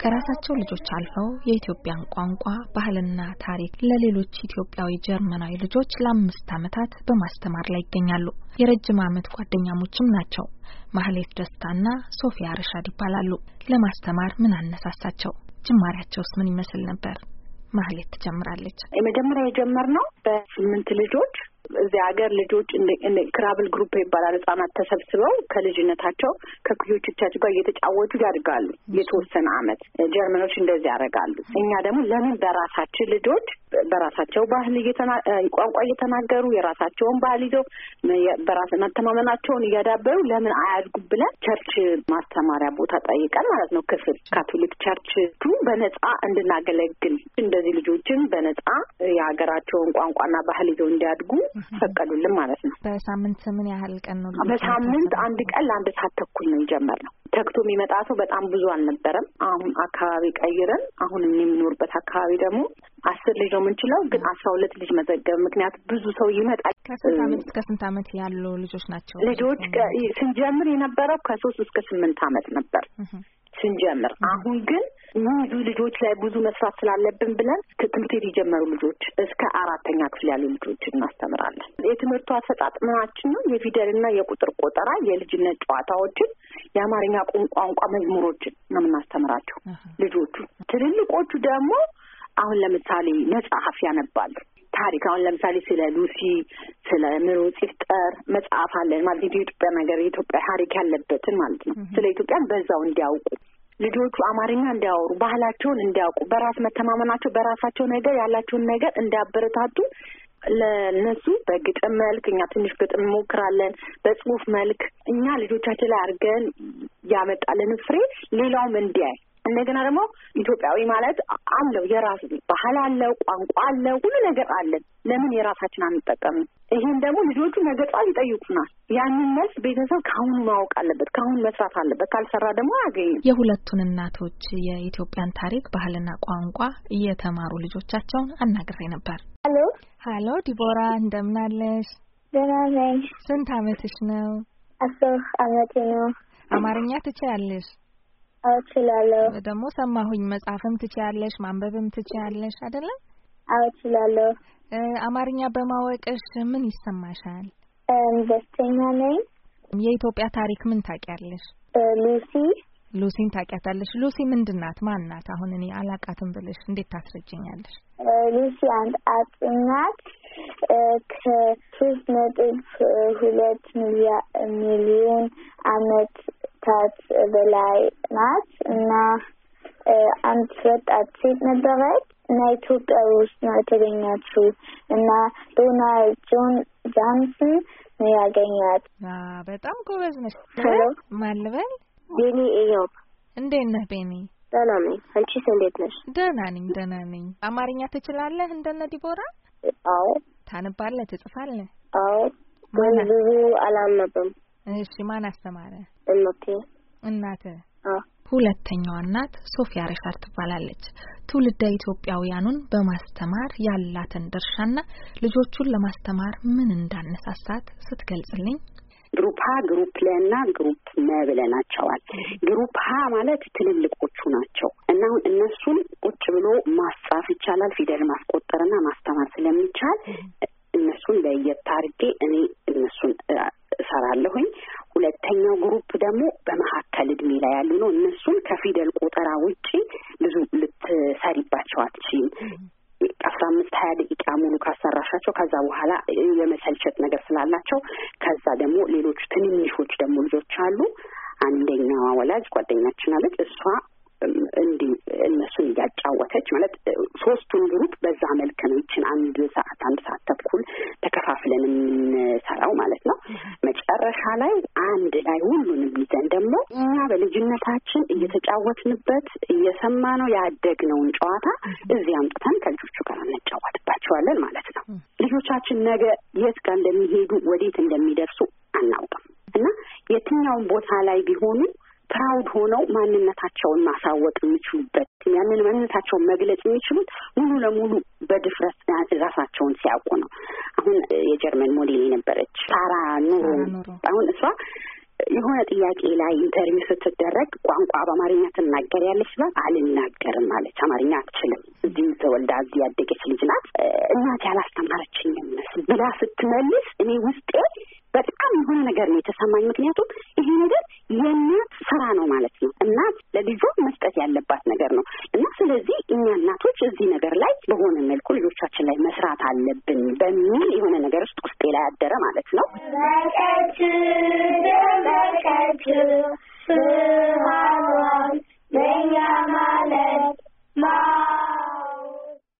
ከራሳቸው ልጆች አልፈው የኢትዮጵያን ቋንቋ ባህልና ታሪክ ለሌሎች ኢትዮጵያዊ ጀርመናዊ ልጆች ለአምስት ዓመታት በማስተማር ላይ ይገኛሉ። የረጅም ዓመት ጓደኛሞችም ናቸው። ማህሌት ደስታና ሶፊያ ርሻድ ይባላሉ። ለማስተማር ምን አነሳሳቸው? ጅማሬያቸውስ ምን ይመስል ነበር? ማህሌት ትጀምራለች። የመጀመሪያ የጀመርነው በስምንት ልጆች እዚህ ሀገር ልጆች ክራብል ግሩፕ ይባላል። ህጻናት ተሰብስበው ከልጅነታቸው ከኩዮቾቻቸው ጋር እየተጫወቱ ያድጋሉ። የተወሰነ አመት ጀርመኖች እንደዚህ ያደርጋሉ። እኛ ደግሞ ለምን በራሳችን ልጆች በራሳቸው ባህል ቋንቋ እየተናገሩ የራሳቸውን ባህል ይዘው በራስ መተማመናቸውን እያዳበሩ ለምን አያድጉ ብለን ቸርች ማስተማሪያ ቦታ ጠይቀን ማለት ነው ክፍል ካቶሊክ ቸርች በነጻ እንድናገለግል እንደዚህ ልጆችን በነጻ የሀገራቸውን ቋንቋና ባህል ይዘው እንዲያድጉ ፈቀዱልን ማለት ነው። በሳምንት ምን ያህል ቀን ነው? በሳምንት አንድ ቀን ለአንድ ሰዓት ተኩል ነው የጀመር ነው። የሚመጣ ሰው በጣም ብዙ አልነበረም። አሁን አካባቢ ቀይረን አሁን የሚኖርበት አካባቢ ደግሞ አስር ልጅ ነው የምንችለው፣ ግን አስራ ሁለት ልጅ መዘገብ ምክንያት ብዙ ሰው ይመጣል። ከስንት ዓመት እስከ ስንት ዓመት ያሉ ልጆች ናቸው? ልጆች ስንጀምር የነበረው ከሶስት እስከ ስምንት ዓመት ነበር። ስንጀምር። አሁን ግን ብዙ ልጆች ላይ ብዙ መስራት ስላለብን ብለን ትምህርት ቤት የጀመሩ ልጆች እስከ አራተኛ ክፍል ያሉ ልጆች እናስተምራለን። የትምህርቱ አሰጣጥ ነው የፊደልና የቁጥር ቆጠራ፣ የልጅነት ጨዋታዎችን፣ የአማርኛ ቋንቋ መዝሙሮችን ነው የምናስተምራቸው ልጆቹ። ትልልቆቹ ደግሞ አሁን ለምሳሌ መጽሐፍ ያነባሉ። ታሪክ አሁን ለምሳሌ ስለ ሉሲ ስለ ምሩ ጽፍጠር መጽሐፍ አለን ማለት የኢትዮጵያ ነገር የኢትዮጵያ ታሪክ ያለበትን ማለት ነው። ስለ ኢትዮጵያን በዛው እንዲያውቁ ልጆቹ አማርኛ እንዲያወሩ ባህላቸውን እንዲያውቁ በራስ መተማመናቸው በራሳቸው ነገር ያላቸውን ነገር እንዲያበረታቱ ለእነሱ በግጥም መልክ እኛ ትንሽ ግጥም እንሞክራለን። በጽሁፍ መልክ እኛ ልጆቻችን ላይ አድርገን ያመጣልን ፍሬ ሌላውም እንዲያይ እንደገና ደግሞ ኢትዮጵያዊ ማለት አለው የራሱ ባህል አለው፣ ቋንቋ አለው፣ ሁሉ ነገር አለን። ለምን የራሳችን አንጠቀምም? ይሄን ደግሞ ልጆቹ ነገጧ ይጠይቁናል። ያንን መልስ ቤተሰብ ከአሁኑ ማወቅ አለበት፣ ከአሁኑ መስራት አለበት። ካልሰራ ደግሞ አያገኝም። የሁለቱን እናቶች የኢትዮጵያን ታሪክ ባህልና ቋንቋ እየተማሩ ልጆቻቸውን አናግሬ ነበር። ሀሎ ሀሎ፣ ዲቦራ እንደምናለሽ? ደህና ነኝ። ስንት አመትሽ ነው? አስር አመቴ ነው። አማርኛ ትችያለሽ? አውችላለሁ። ደግሞ ሰማሁኝ መጽሐፍም ትችያለሽ፣ ማንበብም ትችያለሽ አይደለም? አውችላለሁ። አማርኛ በማወቅሽ ምን ይሰማሻል? ደስተኛ ነኝ። የኢትዮጵያ ታሪክ ምን ታውቂያለሽ? ሉሲ ሉሲን ታውቂያታለሽ? ሉሲ ምንድን ናት? ማን ናት? አሁን እኔ አላቃትም ብልሽ እንዴት ታስረጅኛለሽ? ሉሲ አንድ አጥ ናት። ከሶስት ነጥብ ሁለት ሚሊዮን ዓመታት በላይ ናት እና አንድ ወጣት ሴት ነበረች እና ኢትዮጵያ ውስጥ ነው የተገኘችው እና ዶናልድ ጆን ጃንስን ነው ያገኛት። በጣም ጎበዝ ነች። ማን ልበል? ቤኒ ኢዮብ። እንዴት ነህ ቤኒ? ደህና ነኝ። አንቺስ እንዴት ነሽ? ደህና ነኝ፣ ደህና ነኝ። አማርኛ ትችላለህ እንደነ ዲቦራ? አዎ። ታነባለህ? ትጽፋለህ? አዎ። ብዙ አላነብም። እሺ። ማን አስተማረ? እናቴ። እናትህ ሁለተኛዋ እናት ሶፊያ ረሻር ትባላለች። ትውልደ ኢትዮጵያውያኑን በማስተማር ያላትን ድርሻና ልጆቹን ለማስተማር ምን እንዳነሳሳት ስትገልጽልኝ ግሩፕ ሀ ግሩፕ ለ እና ግሩፕ መ ብለናቸዋል። ግሩፕ ሀ ማለት ትልልቆቹ ናቸው እና አሁን እነሱን ቁጭ ብሎ ማስጻፍ ይቻላል፣ ፊደል ማስቆጠርና ማስተማር ስለሚቻል እነሱን ለየት አድርጌ እኔ እነሱን እሰራለሁኝ። ሁለተኛው ግሩፕ ደግሞ ያሉ ነው። እነሱን ከፊደል ቆጠራ ውጪ ብዙ ልትሰሪባቸው አትችይም። አስራ አምስት ሀያ ደቂቃ ሙሉ ካሰራሻቸው ከዛ በኋላ የመሰልቸት ነገር ስላላቸው ከዛ ደግሞ ሌሎች ትንንሾች ደግሞ ልጆች አሉ። አንደኛዋ ወላጅ ጓደኛችን አለች። እሷ እንዲህ እነሱን እያጫወተች ማለት ሶስቱን ግሩፕ በዛ መልክ ነው። ይችን አንድ ሰዓት አንድ ሰዓት ተኩል ከፋፍለን የምንሰራው ማለት ነው። መጨረሻ ላይ አንድ ላይ ሁሉንም ይዘን ደግሞ እኛ በልጅነታችን እየተጫወትንበት እየሰማነው ያደግነውን ጨዋታ እዚህ አምጥተን ከልጆቹ ጋር እንጫወትባቸዋለን ማለት ነው። ልጆቻችን ነገ የት ጋር እንደሚሄዱ ወዴት እንደሚደርሱ አናውቅም እና የትኛውን ቦታ ላይ ቢሆኑ ፕራውድ ሆነው ማንነታቸውን ማሳወቅ የሚችሉበት ያንን ማንነታቸውን መግለጽ የሚችሉት ሙሉ ለሙሉ በድፍረት ራሳቸውን ሲያውቁ ነው። አሁን የጀርመን ሞዴል የነበረች ሳራ ኑሮ አሁን እሷ የሆነ ጥያቄ ላይ ኢንተርቪው ስትደረግ ቋንቋ በአማርኛ ትናገሪያለች ስላት አልናገርም አለች። አማርኛ አትችልም። እዚህ ተወልዳ እዚህ ያደገች ልጅ ናት። እናቴ አላስተማረችኝም ብላ ስትመልስ እኔ ውስጤ በጣም የሆነ ነገር ነው የተሰማኝ። ምክንያቱም ይሄ ነገር የእናት ስራ ነው ማለት ነው። እናት ለልጇ መስጠት ያለባት ነገር ነው እና ስለዚህ እኛ እናቶች እዚህ ነገር ላይ በሆነ መልኩ ልጆቻችን ላይ መስራት አለብን በሚል የሆነ ነገር ውስጥ ውስጤ ላይ ያደረ ማለት ነው። ደመቀች